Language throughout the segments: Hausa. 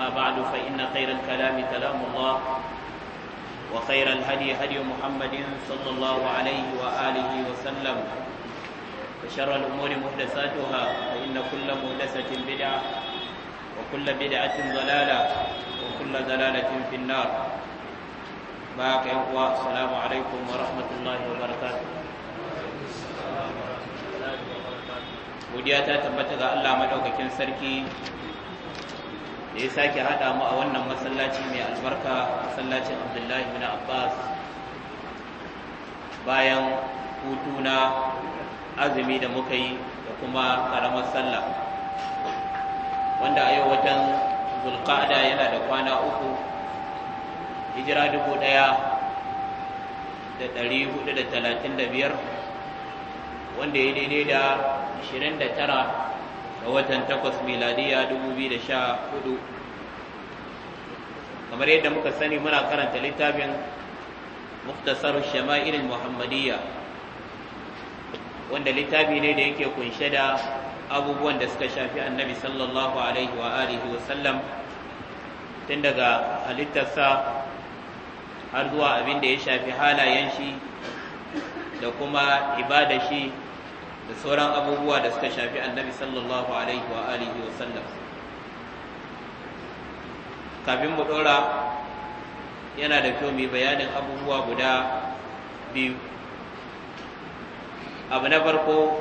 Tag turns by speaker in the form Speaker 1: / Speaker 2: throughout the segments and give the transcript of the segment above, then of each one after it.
Speaker 1: أما بعد فإن خير الكلام كلام الله وخير الهدي هدي محمد صلى الله عليه وآله وسلم وشر الأمور محدثاتها فإن كل محدثة بدعة وكل بدعة ضلالة وكل ضلالة في النار باقي يقوى السلام عليكم ورحمة الله وبركاته godiya ta tabbata ga Allah madaukakin sarki da ya sake haɗa mu a wannan masallaci mai albarka masallacin abdullahi bin abbas bayan hutu na azumi da muka yi da kuma ƙaramar sallah wanda a yau watan zulƙa'ada yana da kwana uku hijira dubu ɗaya da ɗari hudu da talatin da biyar wanda ya daidai da ashirin da tara ga watan takwas miladiya dubu biyu da sha hudu kamar yadda muka sani muna karanta littafin muktasar shama'ilin muhammadiyya wanda littafi ne da yake kunshe da abubuwan da suka shafi annabi sallallahu alaihi wa alihi wa sallam tun daga halittarsa har zuwa abin da ya shafi halayen shi da kuma ibada shi da sauran abubuwa da suka shafi annabi sallallahu alaihi wa alihi wa sallam kafin mu ɗora yana da kyau mai bayanin abubuwa guda biyu abu na farko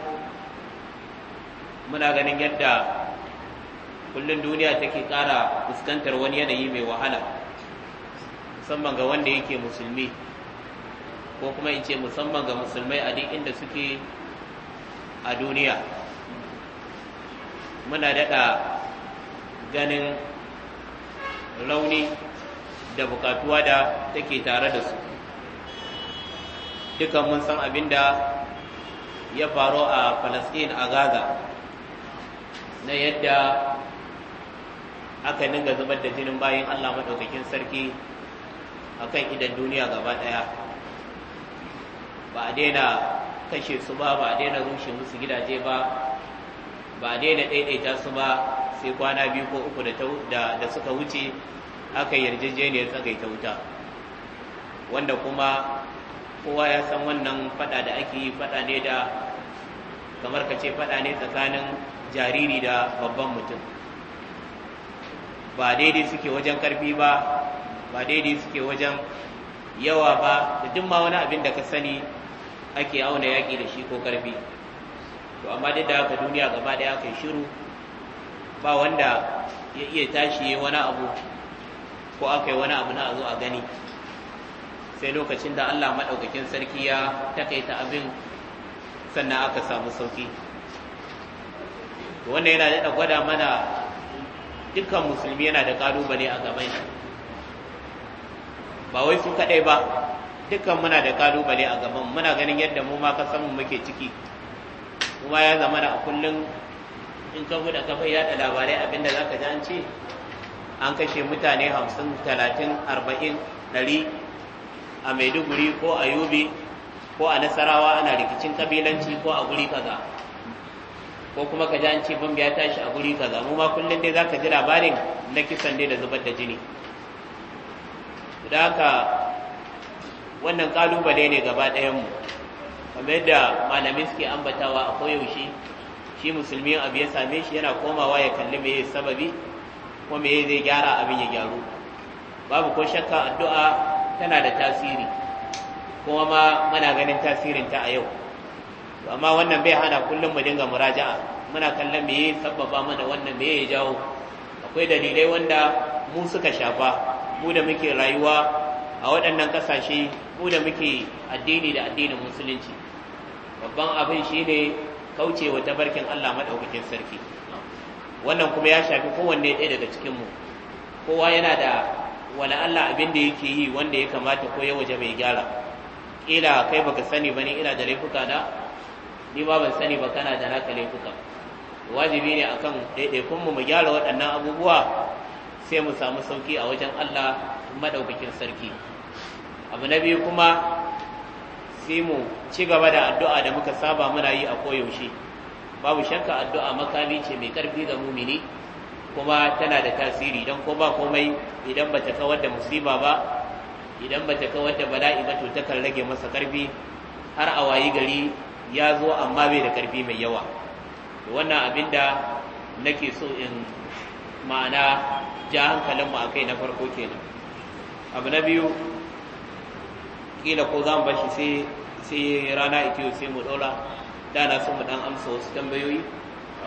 Speaker 1: muna ganin yadda kullum duniya take kara fuskantar wani yanayi mai wahala musamman ga wanda yake musulmi ko kuma in ce musamman ga musulmai a duk inda suke a duniya muna daɗa ganin launi da bukatuwa da take tare da su Duka mun san abin da ya faru a Falasɗin a Gaza na yadda aka ninga zubar da jinin bayan Allah maɗaukakin sarki a kan idan duniya gaba ɗaya ba a daina kashe su ba ba a daina rushe musu gidaje ba ba daina daidaita su ba sai kwana biyu ko uku da suka wuce aka yarjejeniyar tsagaita wuta wanda kuma kowa ya san wannan fada da ake yi fada ne da kamar ka ce fada ne tsakanin jariri da babban mutum ba daidai suke wajen karfi ba ba daidai suke wajen yawa ba da duk ma wani abin da ka sani ake auna yaƙi da shi ko karfi to amma dai da haka duniya gaba daya aka yi shiru ba wanda ya iya tashi ya wani abu ko aka yi wani abu na zo a gani sai lokacin da Allah maɗaukakin sarki ya takaita abin sannan aka samu sauki wannan yana daɗa gwada mana dukkan musulmi yana da ƙalubale a gaban shi ba wai su kaɗai ba dukkan muna da ƙalubale a gaban muna ganin yadda mu ma ka samu muke ciki kuma ya zama da a kullum in ka buɗe kafa yaɗa labarai abinda za ka ji an ce an kashe mutane hamsin talatin arba'in a maiduguri ko a yobe ko a nasarawa ana rikicin kabilanci ko a guri kaza ko kuma ka ji an ce bambi ya tashi a guri kaza mu ma kullum dai za ka ji labarin na kisan dai da zubar da jini da haka wannan kalubale ne gaba ɗayanmu kamar yadda malamin suke ambatawa a koyaushe shi musulmi abu ya same shi yana komawa ya kalli me sababi ko me zai gyara abin ya gyaru babu ko shakka addu'a tana da tasiri kuma ma muna ganin tasirin ta a yau amma wannan bai hana kullum mu dinga muraja'a muna kallon me sababa mana wannan me ya jawo akwai dalilai wanda mu suka shafa mu da muke rayuwa a waɗannan ƙasashe mu da muke addini da addinin musulunci babban abin shi shine kaucewa tabarkin Allah madaukakin sarki wannan kuma ya shafi kowanne ɗaya daga cikin mu kowa yana da wani Allah abin da yake yi wanda ya kamata ko ya waje mai gyara kila kai baka sani bane ina da laifuka na ni ma ban sani ba kana da naka laifuka wajibi ne akan ɗaiɗaikun mu mu gyara waɗannan abubuwa sai mu samu sauki a wajen Allah maɗaukakin sarki abu na biyu kuma sai mu ci gaba da addu'a da muka saba muna yi a koyaushe babu shakka addu'a makami ce mai ƙarfi ga mumini kuma tana da tasiri don ko ba komai idan ba bata kawar da musiba ba idan ba ta kawar da bala'i ba to takan rage masa ƙarfi har a wayi gari ya zo amma bai da ƙarfi mai yawa wannan abin da nake so in ma'ana ja hankalinmu a kai na farko kenan abu na biyu kila ko za mu bashi sai rana ita sai mu dola da na so mu dan amsa wasu tambayoyi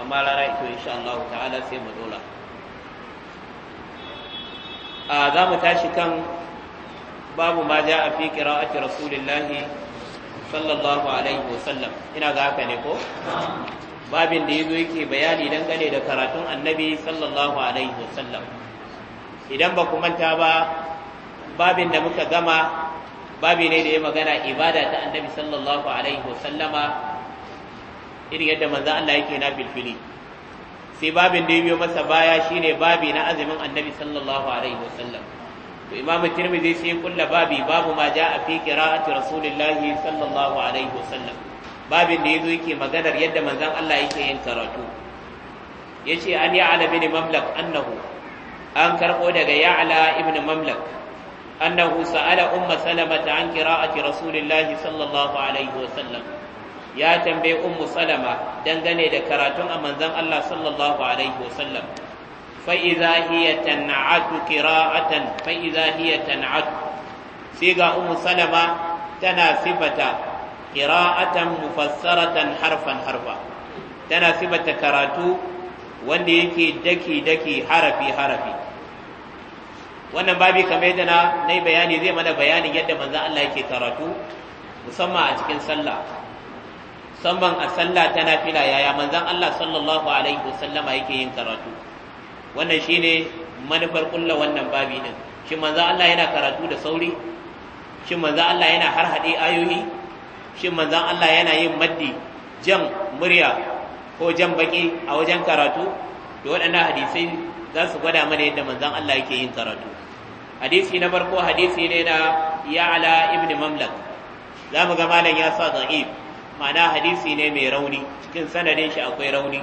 Speaker 1: amma rana ita insha Allah ta'ala sai mu dola a za mu tashi kan babu ma ja'a a fi qira'ati rasulillahi sallallahu alaihi wasallam ina ga haka ne ko babin da yazo yake bayani dangane da karatun annabi sallallahu alaihi wasallam idan ba ku manta ba babin da muka gama babi ne da ya magana ibada ta annabi sallallahu alaihi wasallama irin yadda manzo Allah yake na filfili sai babin da ya biyo masa baya shine babi na azumin annabi sallallahu alaihi wasallam to imamu tirmidhi sai kulla babi babu ma jaa fi qira'ati rasulillahi sallallahu alaihi wasallam babin da yazo yake maganar yadda manzon Allah yake yin karatu yace an ya'ala bin mamlak annahu an karbo daga ya'ala ibn mamlak أنه سأل أم سلمة عن قراءة رسول الله صلى الله عليه وسلم يا تنبي أم سلمة دنغني دكراتون أمن ذن الله صلى الله عليه وسلم فإذا هي تنعت قراءة فإذا هي تنعت سيغا أم سلمة تنا صفة قراءة مفسرة حرفا حرفا تنا صفة كراتو wanda yake daki-daki harafi-harafi wannan babi kamar yadda na nayi bayani zai mana bayanin yadda manzo Allah yake karatu musamman a cikin sallah musamman a sallah ta nafila yaya manzo Allah sallallahu alaihi wasallama yake yin karatu wannan shine manufar kullu wannan babi din shin manzo Allah yana karatu da sauri shin manzo Allah yana harhaɗe ayoyi shin manzo Allah yana yin maddi jan murya ko jan baki a wajen karatu da waɗannan hadisai za su gwada mana yadda manzon Allah yake yin karatu hadisi na farko hadisi ne na Ya'ala ibn mamlak za mu ga malam ya sa da'if ma'ana hadisi ne mai rauni cikin sanadin shi akwai rauni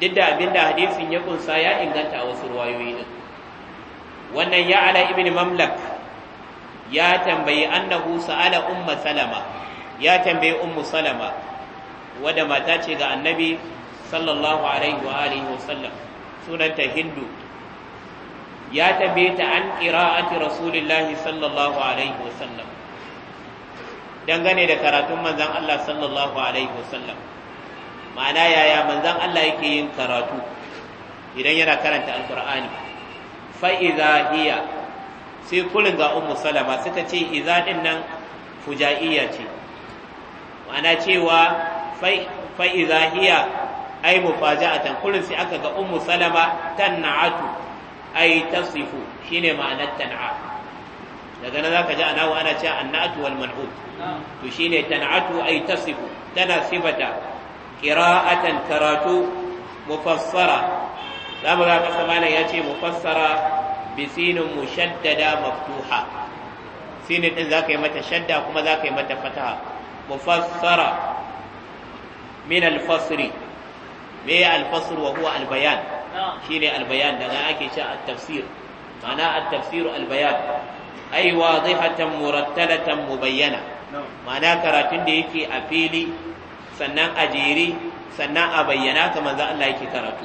Speaker 1: duk da abin da hadisin ya kunsa ya inganta a wasu ruwayoyi din wannan Ya'ala ibn mamlak ya tambayi annahu sa'ala umma salama ya tambayi ummu salama wadda mata ce ga annabi sallallahu alaihi wa alihi wa sallam sunanta hindu ya tambaye ta an qira'ati rasulillahi sallallahu alaihi wasallam dangane da karatun manzon Allah sallallahu alaihi wasallam ma'ana yaya manzon Allah yake yin karatu idan yana karanta Alƙur'ani? fa idza hiya sai kullun ga ummu salama suka ce idza din nan fujaiya ce ma'ana cewa fa idza hiya ai mufaja'atan kullun sai aka ga ummu salama tan'atu ai tasifu shine ma'anar tan'a daga nan zaka ji ana wa ana cewa annatu wal to shine tan'atu ai tasifu tana sifata qira'atan karatu mufassara zamu ga kasa ya ce mufassara bi sinin mushaddada maftuha sinin din zaka yi mata shadda kuma zaka yi mata fataha mufassara min al-fasri me al-fasr wa huwa al-bayan ne albayan daga ake cewa a tafsir ma'ana at-tafsir albayan ai wadihatan murattalatan mubayyana ma'ana karatun da yake a fili sannan a jere sannan a bayyana kamar za Allah yake karatu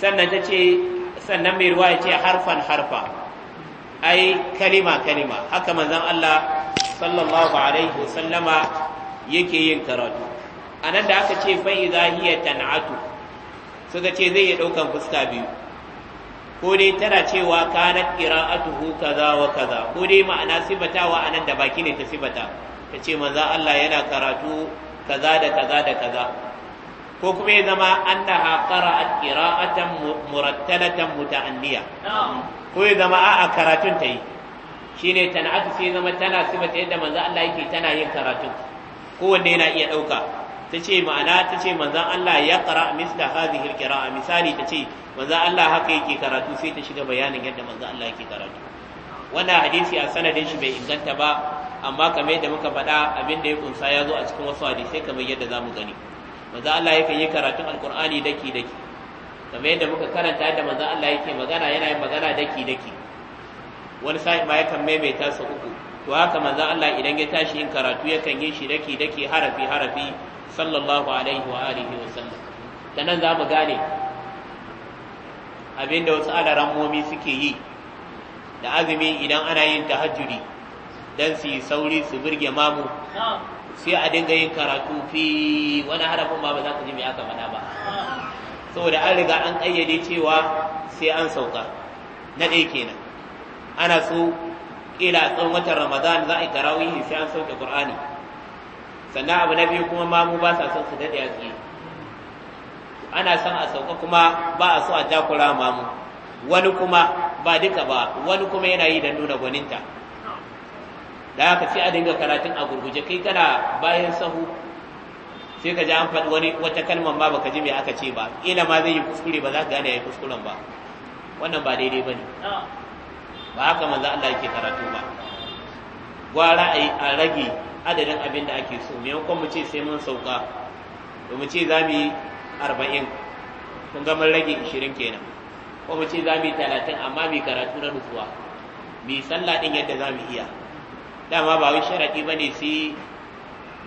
Speaker 1: sannan ta ce sannan mai ruwa ya ce harfan harfa ai kalima kalima haka manzon Allah sallallahu alaihi wasallama yake yin karatu anan da aka ce fa idza hiya tan'atu suka ce zai iya ɗaukan fuska biyu ko dai tana cewa kanat qira'atuhu kaza wa kaza ko dai ma'ana wa anan da baki ne ta sifata ta ce manzo Allah yana karatu kaza da kaza da kaza ko kuma ya zama annaha qara'at qira'atan murattalatan muta'anniya ko ya zama a'a karatun ta yi shine tana'atu sai zama tana sifata yadda manzo Allah yake tana yin karatu kowanne yana iya ɗauka ta ce ma'ana ta ce manzan Allah ya kara misla hazihil a misali ta ce manzan Allah haka yake karatu sai ta shiga bayanin yadda manzan Allah yake karatu wannan hadisi a sanadin shi bai inganta ba amma kamar yadda muka faɗa abin da ya kunsa ya zo a cikin wasu hadisai kamar yadda za mu gani manzan Allah yakan yi karatun alkur'ani daki daki kamar yadda muka karanta yadda manzan Allah yake magana yana yin magana daki daki wani sa'in ma yakan maimaita sa uku to haka manzan Allah idan ya tashi yin karatu yakan yi shi daki daki harafi harafi sallallahu alaihi wa alihi wa sallam ta nan za mu gane abinda wasu alaran momi suke yi da azumi idan ana yin tahajjudi dan su yi sauri su birge mamu sai a dinga yin karatu fi wani harafin ba ba za ka ji me aka faɗa ba saboda an riga an ƙayyade cewa sai an sauka na ɗaya kenan ana so ƙila a tsawon watan ramadan za a yi tarawihi sai an sauke qur'ani sannan abu na biyu kuma mamu ba sa son su daɗe a tsaye ana son a sauka kuma ba a so a takura mamu wani kuma ba duka ba wani kuma yana yi da nuna gwaninta da haka sai a dinga karatun a gurguje kai kana bayan sahu sai ka ji an faɗi wani wata kalmar ma baka ji me aka ce ba ila ma zai yi kuskure ba za ka gane ya yi kuskuren ba wannan ba daidai ba ne ba haka manzo Allah yake karatu ba gwara a rage adadin abin da ake so maimakon mu ce sai mun sauka to mu ce za mu yi arba'in kun ga mun rage ishirin kenan ko mu ce za mu yi talatin amma mai karatu na nutsuwa mu sallah ɗin yadda za mu iya dama ba wai sharaɗi ba ne sai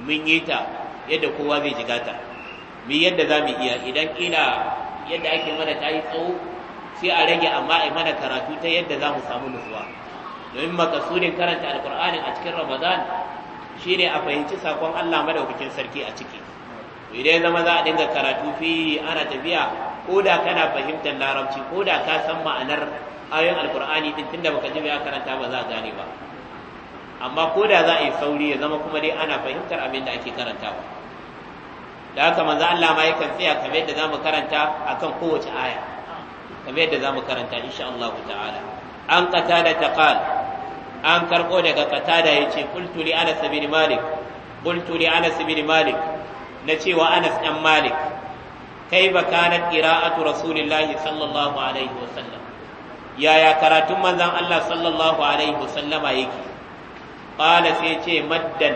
Speaker 1: mun yi ta yadda kowa zai jiga ta mu yadda za mu iya idan kila yadda ake mana ta yi tsawo sai a rage amma a mana karatu ta yadda za mu samu nutsuwa domin makasudin karanta alkur'anin a cikin ramadan ne a fahimci sakon Allah madaukakin sarki a ciki idan zama za a dinga karatu fi ana tafiya ko da kana fahimtar larabci ko da ka san ma'anar ayoyin alkur'ani din tunda baka ji ya karanta ba za a gane ba amma ko da za a yi sauri ya zama kuma dai ana fahimtar abin da ake karantawa da haka manzo Allah ma yakan tsaya kamar yadda zamu karanta akan kowace aya kamar yadda zamu karanta insha Allah ta'ala an da taqal an karɓo daga katada ya ce Kulturi anas bin malik Kulturi anas bin malik na cewa anas ɗan malik kai ba kanat qira'atu rasulillahi sallallahu alaihi wasallam yaya karatun manzan Allah sallallahu alaihi wasallama yake ƙala sai ce maddan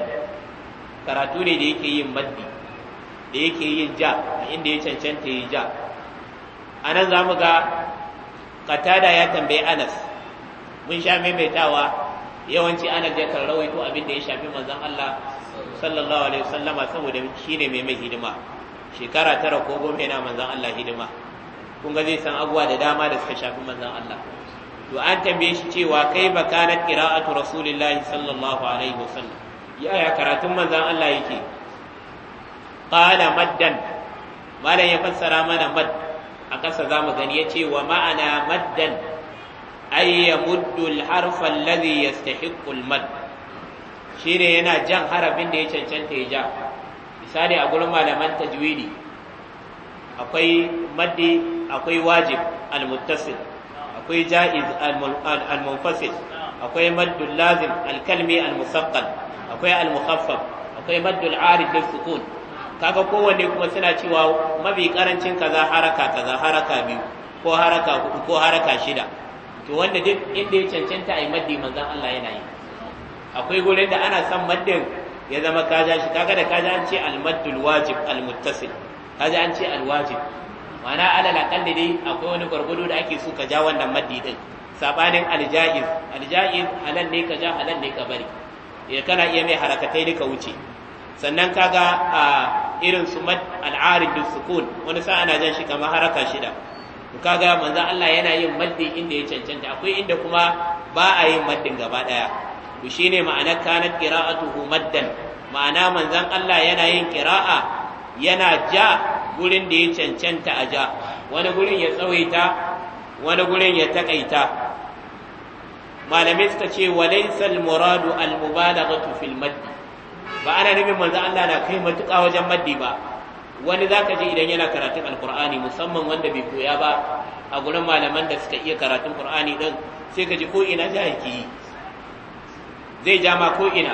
Speaker 1: karatu ne da yake yin maddi da yake yin ja a inda ya cancanta yi ja A nan za mu ga Katada ya tambayi anas mun sha maimaitawa yawanci ana yakan rawaito abin da ya shafi manzon Allah sallallahu alaihi wasallama saboda shine mai mai hidima shekara tara ko goma yana manzon Allah hidima kun ga zai san abubuwa da dama da suka shafi manzon Allah to an tambaye shi cewa kai ba kanat qira'atu rasulillahi sallallahu alaihi wasallam yaya karatun manzon Allah yake qala maddan malam ya fassara mana mad a ƙasa zamu gani yace wa ma'ana maddan ay yamuddu al-harfa alladhi yastahiqqu al-mad shine yana jan harabin da ya cancanta ya ja misali a gurin malaman tajwidi akwai maddi akwai wajib al-muttasil akwai ja'iz al akwai maddul lazim al-kalmi al-musaqqal akwai al-mukhaffaf akwai maddul sukun kaga kowanne kuma suna cewa mafi karancin kaza haraka kaza haraka biyu ko haraka hudu ko haraka shida to wanda duk inda ya cancanta a yi maddi manzan Allah yana yi akwai gurin da ana son maddin ya zama kaja shi kaga da kaja an ce almaddul wajib almuttasil kaja an ce alwajib ma'ana alal aqalli dai akwai wani gwargwado da ake so ka ja wannan maddi din sabanin aljaiz aljaiz halal ne ka ja halal ne ka bari ya kana iya mai harakatai duka wuce sannan kaga a irin su mad al'arid sukun wani sa'a na jan shi kamar haraka shida to kaga manzan Allah yana yin maddi inda ya cancanta akwai inda kuma ba a yin maddin gaba daya to shine ma'anar kanar qira'atuhu maddan ma'ana manzan Allah yana yin qira'a yana ja gurin da ya cancanta a ja wani gurin ya tsawaita wani gurin ya takaita malamai suka ce walaysa al-muradu al-mubalaghatu fil maddi ba ana nufin manzo Allah na kai matuƙa wajen maddi ba wani za ka ji idan yana karatun alkur'ani musamman wanda bai koya ba a gurin malaman da suka iya karatun qur'ani din sai ka ji ko ina jahil ki yi zai ja ma ko ina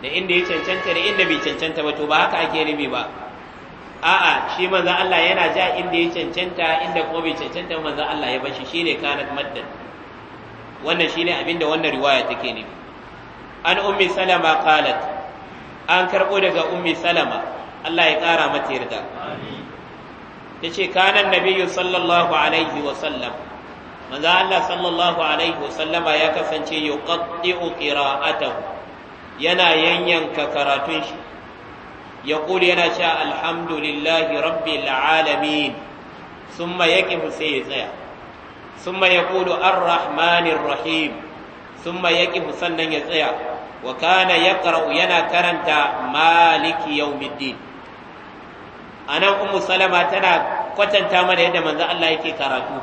Speaker 1: da inda ya cancanta da inda bai cancanta ba to ba haka ake nufi ba a'a shi manzon Allah yana ja inda ya cancanta inda kuma bai cancanta manzon Allah ya bashi shine kanat maddan wannan shine abinda wannan riwaya take nufi an ummi salama qalat an karbo daga ummi salama Allah ya ƙara mata yarda ya ce kanan nabiyu sallallahu alaihi wa sallam manzo Allah sallallahu alaihi wa sallam, ya kasance yuqaddi'u qira'atahu yana yanyanka karatun shi ya kuli yana cewa alhamdulillahi rabbil alamin summa yaƙi sai ya tsaya summa yaqulu arrahmanir rahim summa yaqifu sannan ya tsaya wa kana yaqra'u yana karanta maliki yau, yawmiddin anan ummu salama tana kwatanta mana yadda manzo Allah yake karatu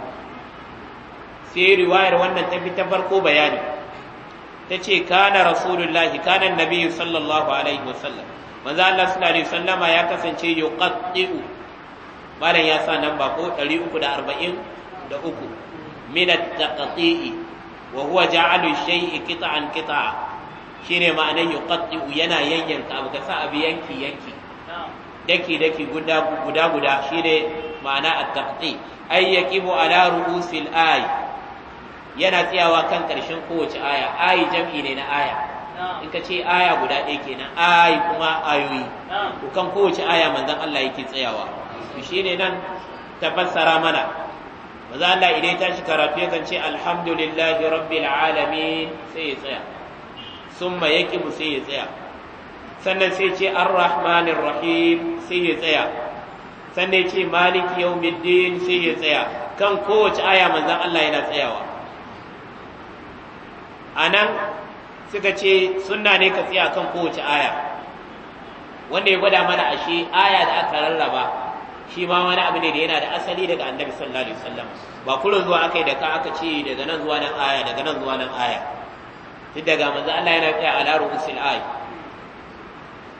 Speaker 1: sai riwayar wannan ta fi ta farko bayani tace kana rasulullahi kana nabiyyu sallallahu alaihi wasallam manzo Allah sallallahu alaihi wasallama ya kasance yuqatti'u malam ya sa namba ko 343 من wa huwa جعل shay'i qita'an qita'a shine ma'anan yuqatti'u yana yayyanka abu ka sa abu yanki yanki daki daki guda guda shi ne ma'ana at-taqti ay yaqimu ala ru'usil ay yana tsayawa kan ƙarshen kowace aya ayi jam'i ne na aya in ka ce aya guda ɗaya kenan ayi kuma ayoyi to kan kowace aya manzan Allah yake tsayawa shi ne nan tafassara mana manzo Allah idan ta shi karatu yakan ce alhamdulillahi rabbil alamin sai ya tsaya summa mu sai ya tsaya sannan sai ce an rahmanin rahim sai ya tsaya sannan ce maliki middin sai ya tsaya kan kowace aya manzan Allah yana tsayawa A nan suka ce sunna ne ka tsaya kan kowace aya wanda ya gwada mana ashe aya da aka rarraba shi ma wani abu ne da yana da asali daga annabi sallallahu alaihi wasallam ba kullum zuwa yi da ka aka ce daga nan zuwa nan aya daga nan zuwa nan aya duk daga manzo Allah yana tsaya ala ru'usil ay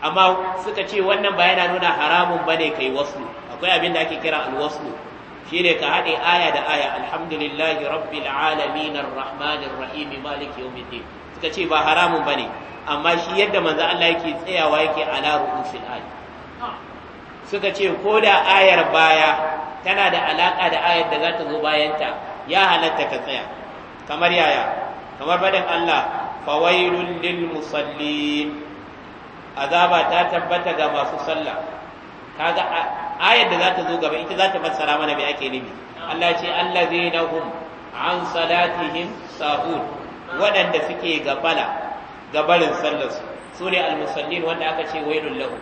Speaker 1: amma suka ce wannan ba yana nuna haramun bane kai waslu akwai abin da ake kira alwaslu shine ka haɗe aya da aya alhamdulillahi rabbil alamin arrahmanir rahim malik yawmiddin suka ce ba haramun bane amma shi yadda manzo Allah yake tsayawa yake ala ru'usil ay suka ce ko da ayar baya tana da alaka da ayar da za ta zo ta ya halatta ka tsaya kamar yaya kamar baɗin Allah fawailul lil musallin azaba ta tabbata ga masu sallah kaga ayar da za ta zo gaba ita za ta fassara mana me ake nufi Allah ce allazina hum an salatihim sahun waɗanda suke gabala gabarin sallarsu su almusallin wanda aka ce wailul lahu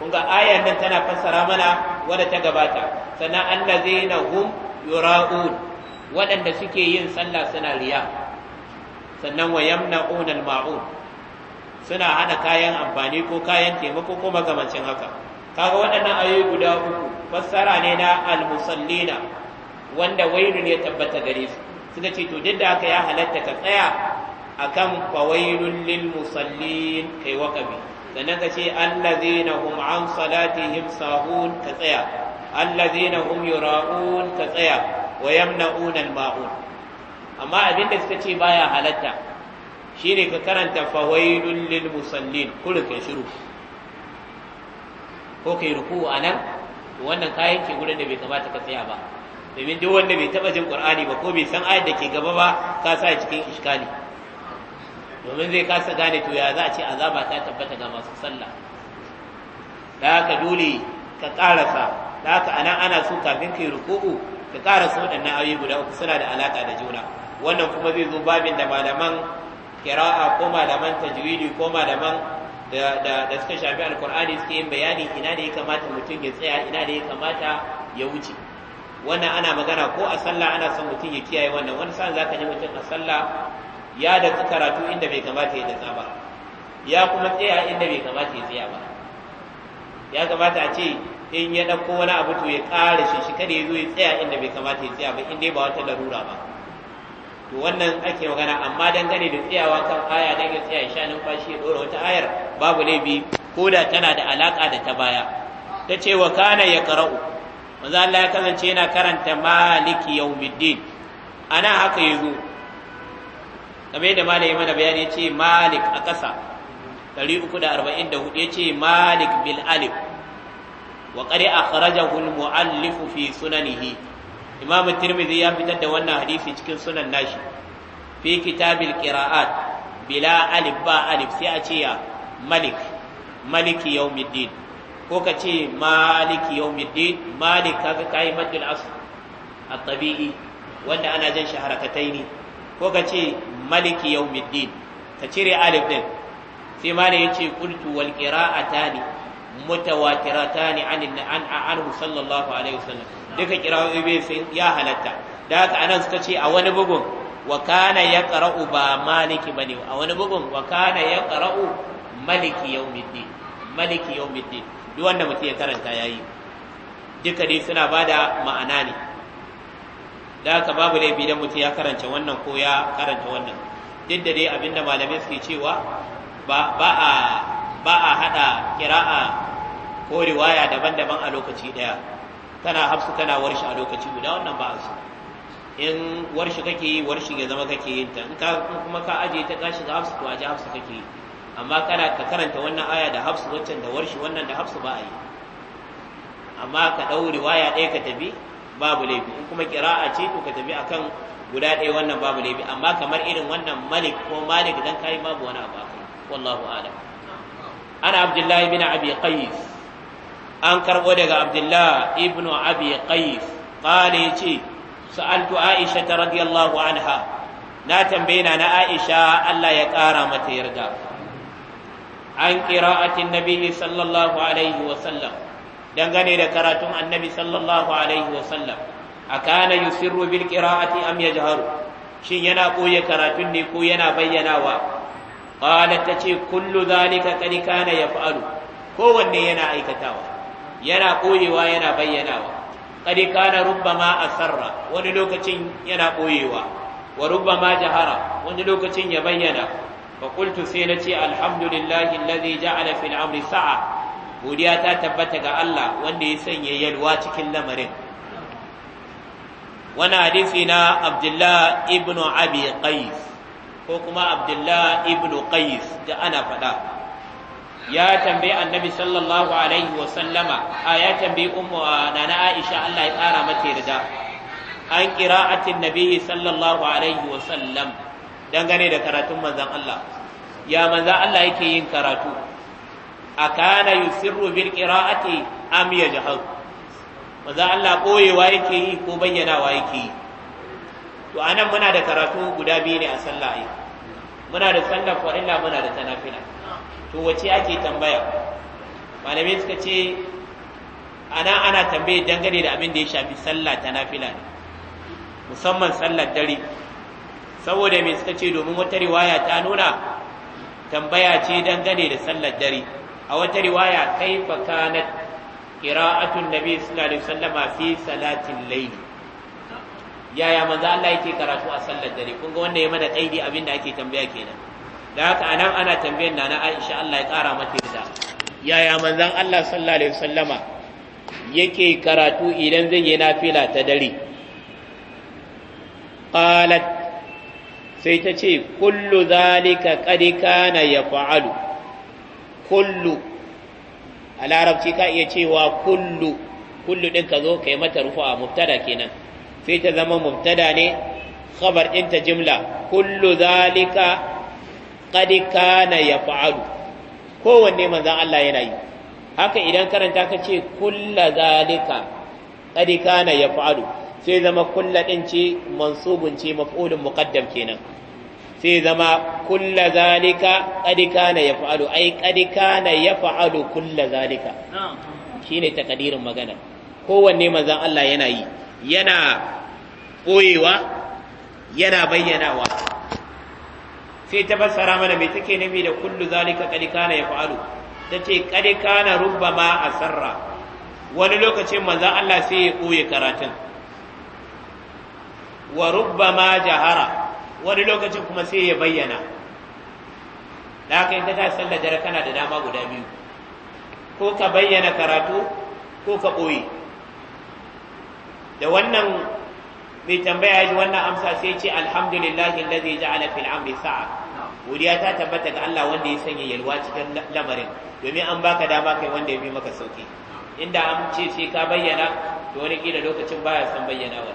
Speaker 1: kun ga ayar nan tana fassara mana wadda ta gabata sannan allazina hum yura'un waɗanda suke yin sallah suna riya sannan wa yamna'un maun suna hana kayan amfani ko kayan taimako ko magamancin haka kaga waɗannan ayoyi guda uku fassara ne na almusallina wanda wailun ya tabbata gare su suka ce to duk da haka ya halatta ka tsaya akan fawailun lil musallin kai waqabi sannan ka ce allazina hum an salatihim sahun ka tsaya allazina hum yura'un ka tsaya wa yamna'una maun amma abinda suka ce baya halatta shine ka karanta fawailun lil musallin kullun kai shiru ko kai ruku anan to wannan kayan ke gurin da bai kamata ka tsaya ba domin duk wanda bai taba jin qur'ani ba ko bai san ayat da ke gaba ba ka sa cikin iskali domin zai kasa gane to ya za a ce azaba ta tabbata ga masu sallah da ka dole ka karasa da haka anan ana so kafin kai ruku'u ka karasa waɗannan ayoyi guda uku suna da alaka da juna wannan kuma zai zo babin da malaman kira'a ko malaman tajwidi ko malaman da suka shafi alkur'ani suke yin bayani ina da ya kamata mutum ya tsaya ina da ya kamata ya wuce wannan ana magana ko a sallah ana son mutum ya kiyaye wannan wani sa'an zaka ji mutum a sallah ya da karatu inda bai kamata ya datsa ba ya kuma tsaya inda bai kamata ya tsaya ba ya kamata a ce in ya ɗauko wani abu to ya ƙara shi shi kada ya zo ya tsaya inda bai kamata ya tsaya ba in dai ba wata larura ba to wannan ake magana amma dangane da tsayawa kan aya dan ya tsaya sha numfashi ya dora wata ayar babu laifi ko da tana da alaka da ta baya ta ce wa kana ya kara'u manzo Allah ya kasance yana karanta maliki yawmiddin ana haka yazo kamar yadda malami mana bayani ya ce malik a ƙasa 344 ya ce malik bil alif wa qari akhrajahu al muallif fi sunanihi imam tirmidhi ya fitar da wannan hadisi cikin sunan nashi fi kitabil qira'at bila alif ba alif sai a ce ya malik maliki yawmiddin ko ka ce maliki yawmiddin malik kaga kai madul asl at-tabi'i wanda ana jan shi harakatai ne ko ka ce maliki yawmiddin ka cire alif din sai malai yace qultu wal qira'atani mutawatiratan an an anhu sallallahu alaihi wasallam duka kirawoyi bai ya halatta da haka anan suka ce a wani bugun wa kana ya qara'u ba maliki bane a wani bugun wa kana ya qara'u maliki yawmiddin maliki yawmiddin duk wanda mutum ya karanta yayi duka dai suna bada ma'ana ne da haka babu laifi da mutum ya karanta wannan ko ya karanta wannan duk da dai abinda malamai suke cewa ba a ba a hada kira'a ko riwaya daban-daban a lokaci daya kana hafsu kana warshi a lokaci guda wannan ba su in warshi kake yi warshi ya zama kake yin ta in ka kuma ka aje ta ka shiga hafsu to aje hafsu kake yi amma kana ka karanta wannan aya da hafsu waccan da warshi wannan da hafsu ba a yi amma ka ɗau riwaya ɗaya ka tafi babu laifi in kuma kira'a ce to ka tafi akan guda ɗaya wannan babu laifi amma kamar irin wannan malik ko malik dan kai babu wani abu akai wallahu a'lam ana abdullahi bin abi qais an karɓo daga abdullah ibnu abi qais qala yace sa'altu aisha radiyallahu anha na tambaye na aisha Allah ya kara mata yarda an qira'atin nabi sallallahu alaihi wa sallam dangane da karatun annabi sallallahu alaihi wa sallam akana yusirru bil qira'ati am yajharu shin yana koye karatun ne ko yana bayyanawa qalat tace kullu dhalika kad kana yaf'alu kowanne yana aikatawa yana koyewa yana bayyanawa kadi kana rubbama asarra wani lokacin yana koyewa wa rubbama jahara wani lokacin ya bayyana fa qultu sai nace alhamdulillahi alladhi ja'ala fil amri sa'a godiya ta tabbata ga Allah wanda ya sanya yalwa cikin lamarin wani hadisi na abdullah ibn abi qais ko kuma abdullah ibn qais da ana faɗa ya tambayi annabi sallallahu alaihi wa sallama a ya tambayi ummu nana aisha Allah ya tsara mata yarda an qira'atin nabi sallallahu alaihi wa sallam dangane da karatun manzon Allah ya manzon Allah yake yin karatu akana yusirru bil qira'ati am yajhar manzon Allah koyewa yake yi ko bayyanawa yake yi to anan muna da karatu guda biyu ne a sallah muna da sallah farilla muna da tanafila to wace ake tambaya malamai suka ce ana ana tambaye dangane da abin da ya shafi sallah ta nafila ne musamman sallar dare saboda me suka ce domin wata riwaya ta nuna tambaya ce dangane da sallar dare a wata riwaya kaifa kanat qira'atun nabi sallallahu alaihi wasallam fi salatin layl yaya manzo Allah yake karatu a sallar dare kun ga wanda ya mana kaidi abin da ake tambaya kenan da haka anan ana tambayar nana Aisha Allah ya kara mata yarda yaya manzon Allah sallallahu alaihi wasallama yake karatu idan zai yi nafila ta dare qalat sai ta ce kullu zalika qad kana yaf'alu kullu a larabci ka iya cewa kullu kullu din ka zo yi mata rufa mubtada kenan sai ta zama mubtada ne khabar ɗinta jimla kullu zalika qad kana yaf'alu kowanne manzon Allah yana yi haka idan karanta ka ce kulla zalika na kana yaf'alu sai zama kulla ɗin ce mansubun ce maf'ulun muqaddam kenan sai zama kulla zalika na kana yaf'alu ai na kana yaf'alu kulla zalika shine takadirin magana kowanne manzan Allah yana yi yana ɓoyewa yana bayyanawa sai ta fassara mana me take nufi da kullu zalika qad kana yaf'alu tace qad kana rubbama asarra wani lokacin manzo Allah sai ya koye karatun wa rubbama jahara wani lokacin kuma sai ya bayyana da haka in ka ta sallar dare kana da dama guda biyu ko ka bayyana karatu ko ka ɓoye da wannan mai tambaya ji wannan amsa sai ce alhamdulillahi allazi ja'ala fil amri sa'a godiya ta tabbata ga Allah wanda ya sanya yalwa cikin lamarin domin an baka dama kai wanda ya bi maka sauki inda an ce sai ka bayyana to wani kila lokacin baya san bayyanawa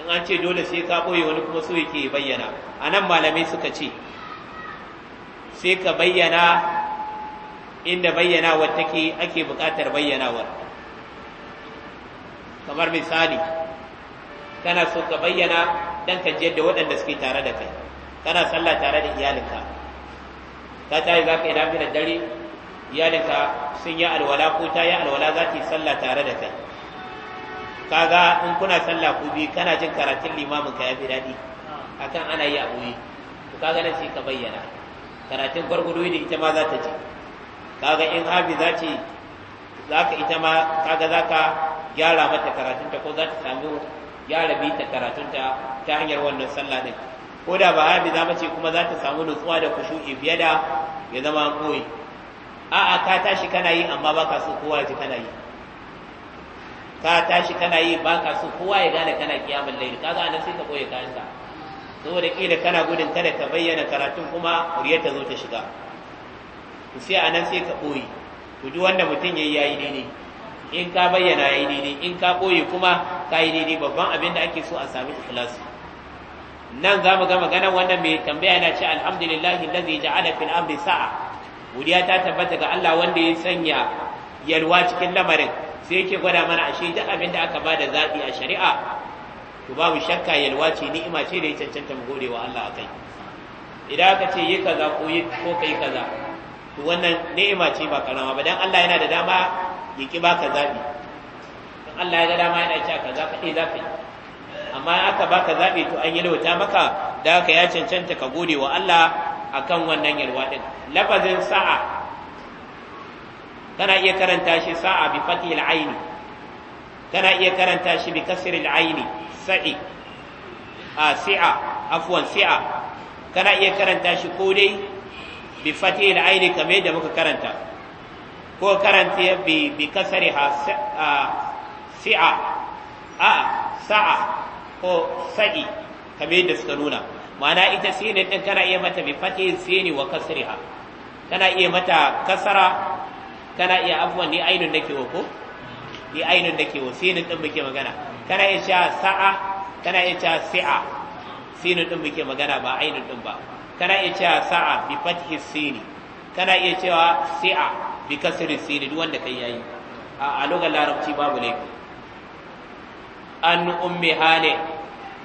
Speaker 1: in an ce dole sai ka boye wani kuma so yake bayyana anan malamai suka ce sai ka bayyana inda bayyanawar take ake buƙatar bayyanawar kamar misali kana so ka bayyana dan ka da waɗanda suke tare da kai kana sallah tare da iyalinka ka yi za ka yi da dare iyalinka sun yi alwala ko ta yi alwala za ta yi sallah tare da kai kaga in kuna sallah ku bi kana jin karatun limamin ka ya fi daɗi akan ana yi a ɓoye to kaga nan sai ka bayyana karatun gwargwado da ita ma za ta ji kaga in habi za ce za ka ita ma kaga za ka gyara mata karatunta ko za ta sami gyara bi ta karatunta ta hanyar wannan sallah din ko da ba za mace kuma za ta samu nutsuwa da kushu'i fiye da ya zama koyi a a'a ka tashi kana yi amma ba ka so kowa ya ji kana yi ka tashi kana yi ba ka so kowa ya gane kana kiyamul layl a nan sai ka koya kayan ka saboda kila kana gudun kada ta bayyana karatun kuma riya ta zo ta shiga to sai nan sai ka koyi to duk wanda mutum ya yi daidai in ka bayyana ya yi daidai in ka koyi kuma ka yi daidai babban abin da ake so a sami ikhlasi nan za mu ga maganar wannan mai tambaya na ce alhamdulillahi allazi ja'ala fil amri sa'a godiya ta tabbata ga Allah wanda ya sanya yalwa cikin lamarin sai yake gwada mana ashe duk abin da aka ba da zaɓi a shari'a to babu shakka yalwa ce ni'ima ce da ya cancanta mu gode wa Allah akai idan aka ce yi kaza ko yi ko kai kaza to wannan ni'ima ce ba karama ba dan Allah yana da dama ya baka zaɓi dan Allah ya ga dama yana cewa kaza kai za ka yi amma aka baka zabi to an lauta maka da haka ya cancanta ka gode wa Allah a kan wannan yalwa din lafazin sa'a kana iya karanta shi sa'a bi fatihil aini kana iya karanta shi bi kasril aini sa'i a si'a afwan si'a kana iya karanta shi ko dai bi fatihil aini kamar yadda muka karanta ko karanta bi bi kasriha si'a a sa'a ko sa'i kamar yadda suka nuna ma'ana ita sinin din kana iya mata bi fati sini wa kasriha kana iya mata kasara kana iya afwan ni ainun nake wa ko ni ainun nake wa sinin din muke magana kana iya cewa sa'a kana iya cewa si'a sinin din muke magana ba ainun din ba kana iya cewa sa'a bi fati sini kana iya cewa si'a bi kasri sini duk wanda kai yayi a lokacin larabci babu laifi an ummi hane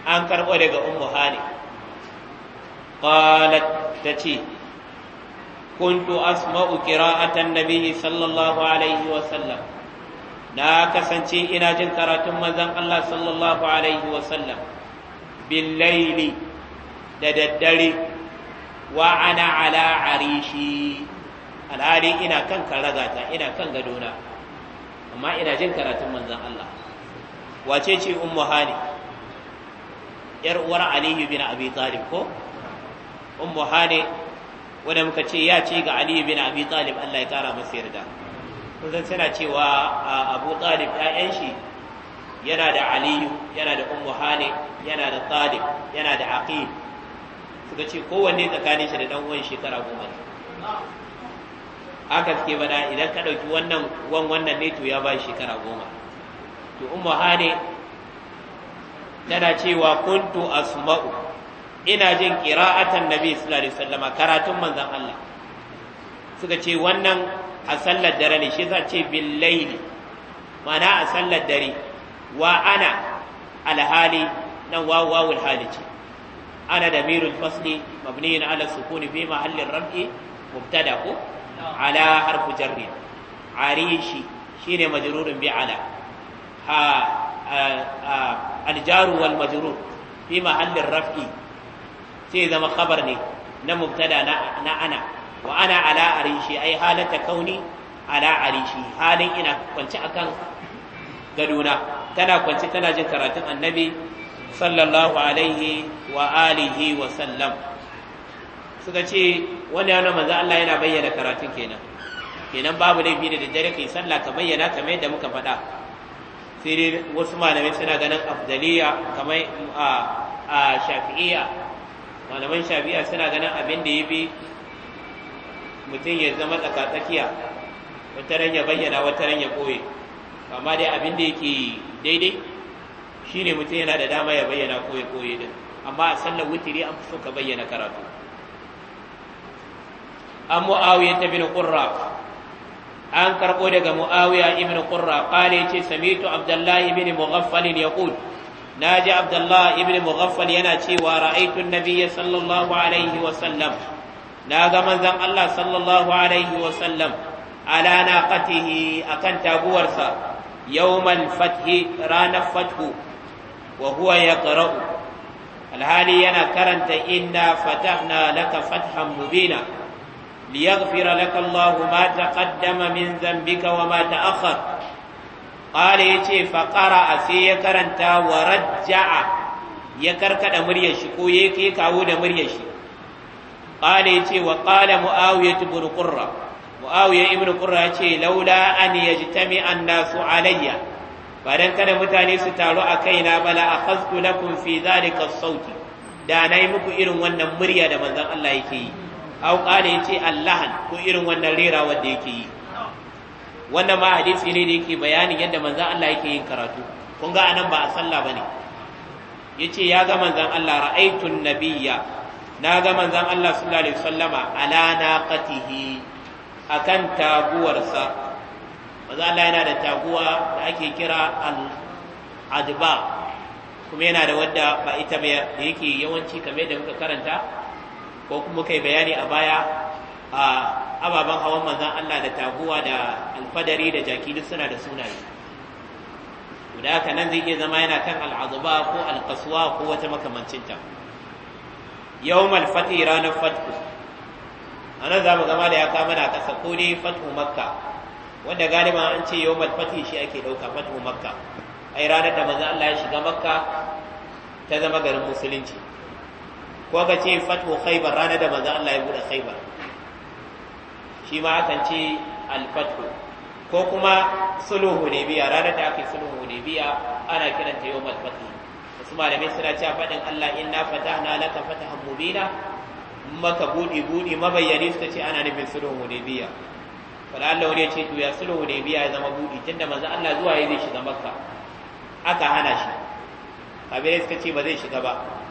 Speaker 1: an karɓo daga ummu hane qalat ce. kuntu asma'u qira'atan nabiyyi sallallahu alaihi wa sallam na kasance ina jin karatun manzon Allah sallallahu alaihi wa sallam bil da daddare wa ana ala arishi alhali ina kan karagata ina kan gadona amma ina jin karatun manzon Allah wace ce ummu hani yar uwar aliyu bin abi talib ko ummu hani wanda muka ce ya ce ga aliyu bin abi talib Allah ya kara masa yarda kullum tana cewa abu talib ƴaƴan shi yana da aliyu yana da ummu hani yana da talib yana da aqil suka ce kowanne tsakanin shi da dan uwan shekara goma ne haka suke bada idan ka ɗauki wannan wan wannan ne to ya ba shekara goma to ummu hane tana cewa kuntu asma'u ina jin qira'atan nabi sallallahu alaihi wasallam karatun manzon Allah suka ce wannan a sallar dare ne shi yasa ce bil layli mana a sallar dare wa ana alhali nan wawu wawul ce ana da mirul fasli mabniyin ala sukuni fi mahallin rab'i mubtada ko ala harfu jarri arishi shine majrurun bi ala aljaru wal majrur fi mahallin raf'i sai zama khabar ne na mubtada na ana wa ana ala arishi ai halata kauni ala arishi halin ina kwance akan gadona tana kwance tana jin karatun annabi sallallahu alaihi wa wa sallam suka ce wanda yana manzo Allah yana bayyana karatun kenan kenan babu laifi da daddare kai sallah ka bayyana kamar yadda muka faɗa sai wasu malamai suna ganin afdaliya kamar a shafi'iya malaman shafi'iya suna ganin abin da ya bi mutum ya zama tsakatsakiya wata ran ya bayyana wata ran ya koye amma dai abin da yake daidai shine mutum yana da dama ya bayyana koye koye din amma a sallar wutiri an fi so ka bayyana karatu an mu'awiyar ta bin qurra an karɓo daga muawiya ibn qurra qala yace samitu abdullahi ibn mughaffal yaqul naji abdullahi ibn mughaffal yana cewa ra'aytu an-nabiyya sallallahu alayhi wa sallam naga manzon Allah sallallahu alayhi wa sallam ala naqatihi akan taguwarsa yawmal fathi ranar fathu wa huwa yaqra'u alhali yana karanta inna fatahna laka fathan mubina ليغفر لك الله ما تقدم من ذنبك وما تأخر قال يتي فقرأ سي كرنتا ورجع يكركد مريشي كو يكي كاو دا مريشي قال يتي وقال معاوية بن قرة معاوية ابن قرة يتي لولا أن يجتمع الناس علي فدن كان متاني ستارو أكينا بلا أخذت لكم في ذلك الصوت da na yi muku irin wannan murya da manzon Allah yake yi aw ya yace allahan ko irin wannan rera wanda yake yi wannan ma hadisi ne da yake bayanin yadda manzon Allah yake yin karatu kun ga anan ba a sallah bane yace ya ga manzon Allah ra'aitun nabiyya na ga manzon Allah sallallahu alaihi wasallama ala naqatihi akan taguwarsa manzon Allah yana da taguwa da ake kira al adba kuma yana da wadda ba ita ba da yake yawanci kamar da muka karanta ko kuma kai bayani a baya a ababen hawan manzan Allah da taguwa da alfadari da jaki duk suna da sunaye Guda ka nan zai iya zama yana kan al'azuba ko alkasuwa ko wata makamancinta yau malfati ranar fatku a nan za mu gama da ya kama na kasa ko dai fatku makka wanda galiba an ce yau malfati shi ake ɗauka fatku makka ai ranar da manzan Allah ya shiga makka ta zama garin musulunci ko ka ce fatu khaybar ranar da manzo Allah ya bude khaybar shi ma akan ce al fatu ko kuma sulhu biya ranar da ake Suluhu ne biya ana kiranta al-fatu wasu malamai suna cewa fadin Allah inna fatahna laka fatahan mubina maka budi budi mabayyani suka ce ana nufin sulhu biya fara Allah wani ya ce to ya sulhu biya ya zama budi tunda manzo Allah zuwa ya zai shiga makka aka hana shi kabirai suka ce ba zai shiga ba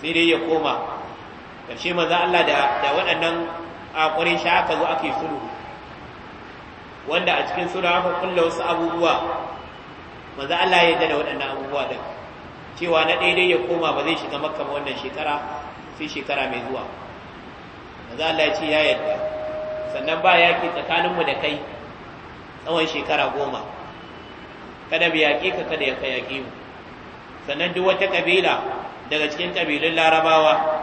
Speaker 1: sai dai ya koma ƙarshe manzo Allah da waɗannan akwarin sha aka zo ake sulhu wanda a cikin sulhu aka kulla wasu abubuwa manzo Allah ya yarda da waɗannan abubuwa din cewa na daidai ya koma ba zai shiga makka wannan shekara sai shekara mai zuwa manzo Allah ya ce ya yarda sannan ba yaƙi tsakaninmu da kai tsawon shekara goma kada mu yaƙi ka kada ya yaƙe mu sannan duk wata kabila daga cikin ƙabilun larabawa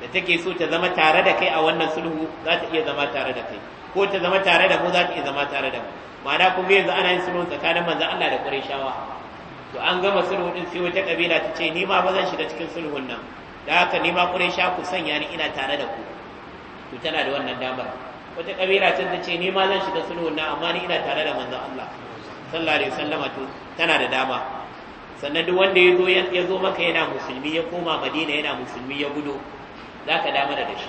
Speaker 1: da take so ta zama tare da kai a wannan sulhu za ta iya zama tare da kai ko ta zama tare da mu za ta iya zama tare da mu ma'ana kuma yanzu ana yin sulhu tsakanin manzon Allah da Qurayshawa to an gama sulhu din sai wata kabila ta ce ni ma ba zan shiga cikin sulhun nan da haka ni ma Qurayshawa ku sanya ni ina tare da ku to tana da wannan damar wata kabila ta ce ni ma zan shiga sulhun nan amma ni ina tare da manzon Allah sallallahu alaihi wasallam to tana da dama sannan duk wanda ya zo ya zo maka yana musulmi ya koma madina yana musulmi ya gudu za ka damar da shi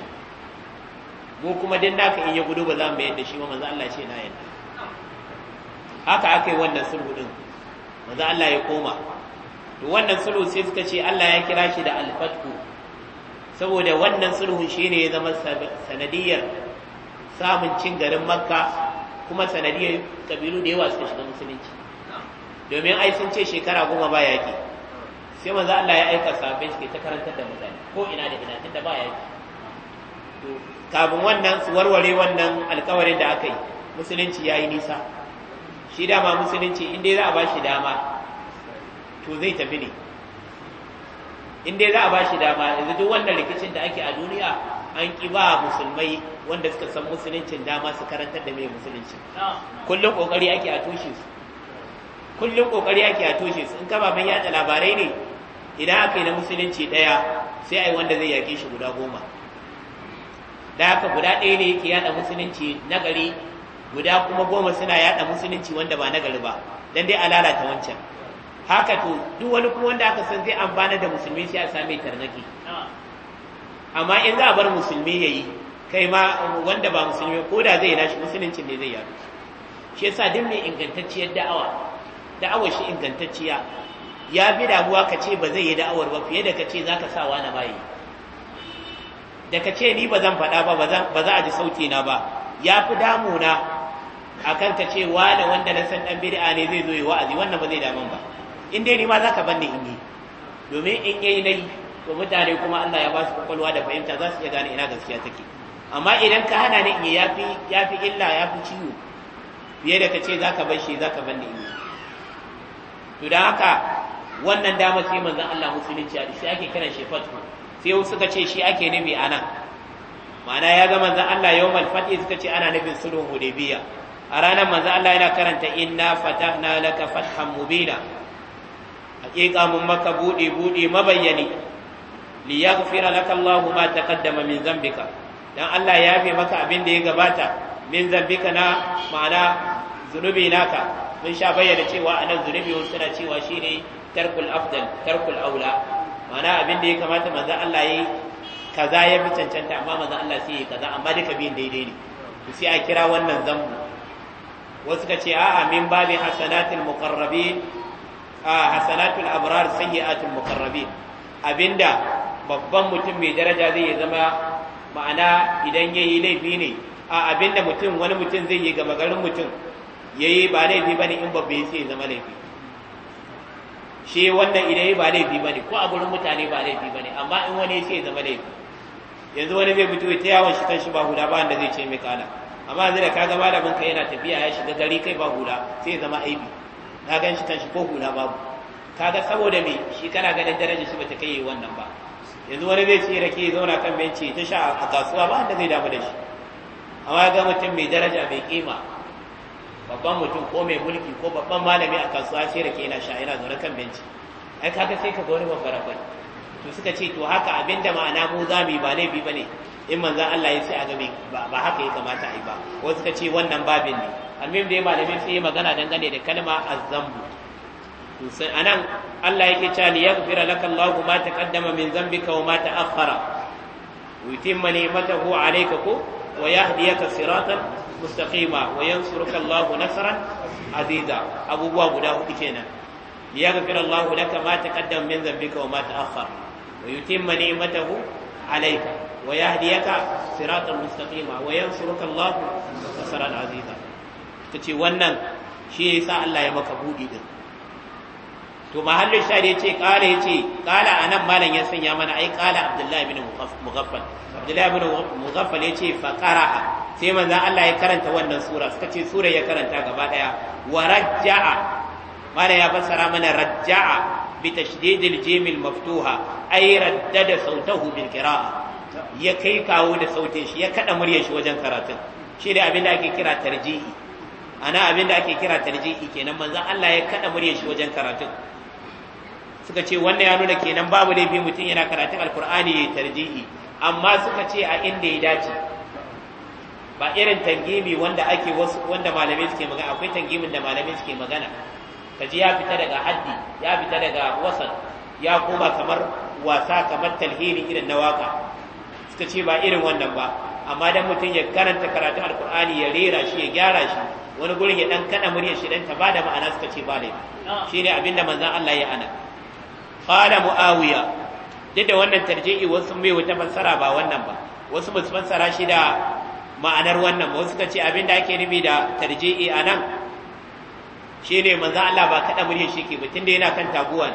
Speaker 1: mu kuma din naka in ya gudu ba za mu bayar da shi ba manzo Allah ce na yadda haka aka yi wannan sulhu din manzo Allah ya koma to wannan sulhu sai suka ce Allah ya kira shi da al-fatku saboda wannan sulhu shine ya zama sanadiyar samun cin garin makka kuma sanadiyar kabilu da yawa suka shiga musulunci domin ai sun ce shekara goma ba yaƙi sai manzo Allah ya aika sahabbai suke ta karantar da mutane ko ina da ina tunda ba yaƙi to kafin wannan su warware wannan alƙawarin da aka yi musulunci ya yi nisa shi dama musulunci in dai za a bashi dama to zai tafi ne in dai za a bashi dama yanzu duk wannan rikicin da ake a duniya an ki ba musulmai wanda suka san musuluncin dama su karantar da mai musulunci kullum kokari ake a tushe su kullum kokari ake a toshe su in mai yada labarai ne idan aka yi na musulunci ɗaya sai a yi wanda zai yaƙe shi guda goma da haka guda ɗaya ne yake yada musulunci nagari guda kuma goma suna yada musulunci wanda ba nagari ba dan dai a lalata wancan haka to duk wani kuma wanda aka san zai amfana da musulmi sai a same tarnaki amma in za a bar musulmi ya yi kai ma wanda ba musulmi ko da zai yi nashi musulunci ne zai yadu shi yasa duk mai ingantacciyar da'awa da'awar shi ingantacciya ya bi damuwa ka ce ba zai yi da'awar ba fiye da ka ce za ka sa wa na bayi da ka ce ni ba zan faɗa ba ba za a ji sauti na ba ya fi damuna a kan ka ce wa da wanda na san ɗan bid'a ne zai zo yi wa'azi wannan ba zai damun ba in dai ni ma za ka ban ni in yi domin in yi na to mutane kuma Allah ya ba su kwakwalwa da fahimta za su iya gane ina gaskiya take amma idan ka hana ni in yi ya fi illa ya fi ciwo fiye da ka ce za ka bar shi za ka ban ni in yi to da haka wannan damar sai manzon Allah musulunci a shi ake kiran shi fatwa sai wasu suka ce shi ake nufi anan ma'ana ya ga manzon Allah yau fati suka ce ana nufin sulhun hudaybiya a ranar manzon Allah yana karanta inna fatahna laka fathan mubina haƙiƙa mun maka buɗe buɗe mabayyani li yaghfira laka Allahu ma taqaddama min zambika dan Allah ya yafe maka abin da ya gabata min zambika na ma'ana zunubi naka mun sha bayyana cewa a nan zunubi wasu suna cewa ne tarkul afdal tarkul aula ma'ana abin da ya kamata maza Allah yi kaza ya fi cancanta amma manzon Allah sai yi kaza amma duka biyan daidai ne to sai a kira wannan zambu wasu ka ce a'a min babin hasanatul muqarrabin a hasanatul abrar sayyi'atul muqarrabin abinda babban mutum mai daraja zai zama ma'ana idan yayi laifi ne a abinda mutum wani mutum zai yi ga magarin mutum yayi ba laifi bane in babba ya sai zama laifi shi wannan idan yayi ba laifi bane ko a gurin mutane ba laifi bane amma in wani ya sai zama laifi yanzu wani zai fito ta yawon shi kan shi ba huda ba wanda zai ce mai kana amma yanzu da ka ga malamin ka yana tafiya ya shiga gari kai ba huda, sai zama aibi na gan shi kan shi ko huda babu ga saboda me shi kana ganin darajar shi bata kai wannan ba yanzu wani zai ce rake zauna kan benci ta sha a kasuwa ba wanda zai damu da shi amma ga mutum mai daraja mai kima babban mutum ko mai mulki ko babban malami a kasuwa sai rake yana sha zaune kan benci ai kaga sai ka gauri wani babbar rabai to suka ce to haka abinda ma'ana mu za mu yi ba laifi ba ne in manzan Allah ya sai a game ba haka ya kamata a yi ba wasu suka ce wannan babin ne almim da ya malamin sai ya magana dangane da kalma azzambu to sai anan Allah yake cewa li yaghfira laka Allahu ma taqaddama min dhanbika wa ma ta'akhkhara wa yutimma ni'matahu alaika ko wa yahdiyaka siratan mustaqima wa yansuruka Allahu nasran aziza abubuwa guda hudu kenan liyaghfir Allahu laka ma taqaddama min dhanbika wa ma ta'akhkhar wa yutimma ni'matahu alayka wa yahdiyaka siratan mustaqima wa yansuruka Allahu nasran aziza tace wannan shi yasa Allah ya maka budi din to mahallin shari ya ce kala ya ce kala anan nan malam ya sanya mana ai kala abdullahi bin mughaffal abdullahi bin mughaffal ya ce fa qara'a sai manzan Allah ya karanta wannan sura suka ce sura ya karanta gaba daya wa rajja'a mana ya fassara mana rajja'a bi tashdidil jimil maftuha ay raddada sautahu bil qira'a ya kai kawo da sautin shi ya kada muryar shi wajen karatun shi da abin da ake kira tarji'i ana abin da ake kira tarji'i kenan manzan Allah ya kada muryar shi wajen karatun suka ce wannan ya nuna kenan babu laifi mutum yana karatun alkur'ani ya tarji'i amma suka ce a inda ya dace ba irin tangimi wanda ake wasu wanda malamai suke magana akwai tangimin da malamai suke magana kaji ya fita daga haddi ya fita daga wasan ya koma kamar wasa kamar talhiri irin na waka suka ce ba irin wannan ba amma dan mutum ya karanta karatu alkur'ani ya rera shi ya gyara shi wani gurin ya dan kada muryar shi dan ta bada ma'ana suka ce ba laifi shine abinda manzon Allah ya ana qala muawiya duk da wannan tarji'i wasu mai wata fassara ba wannan ba wasu ba su shi da ma'anar wannan ba suka ce abin da ake nufi da tarji'i a nan shi ne manzan Allah ba kaɗa murya shi ke mutum da yana kan taguwa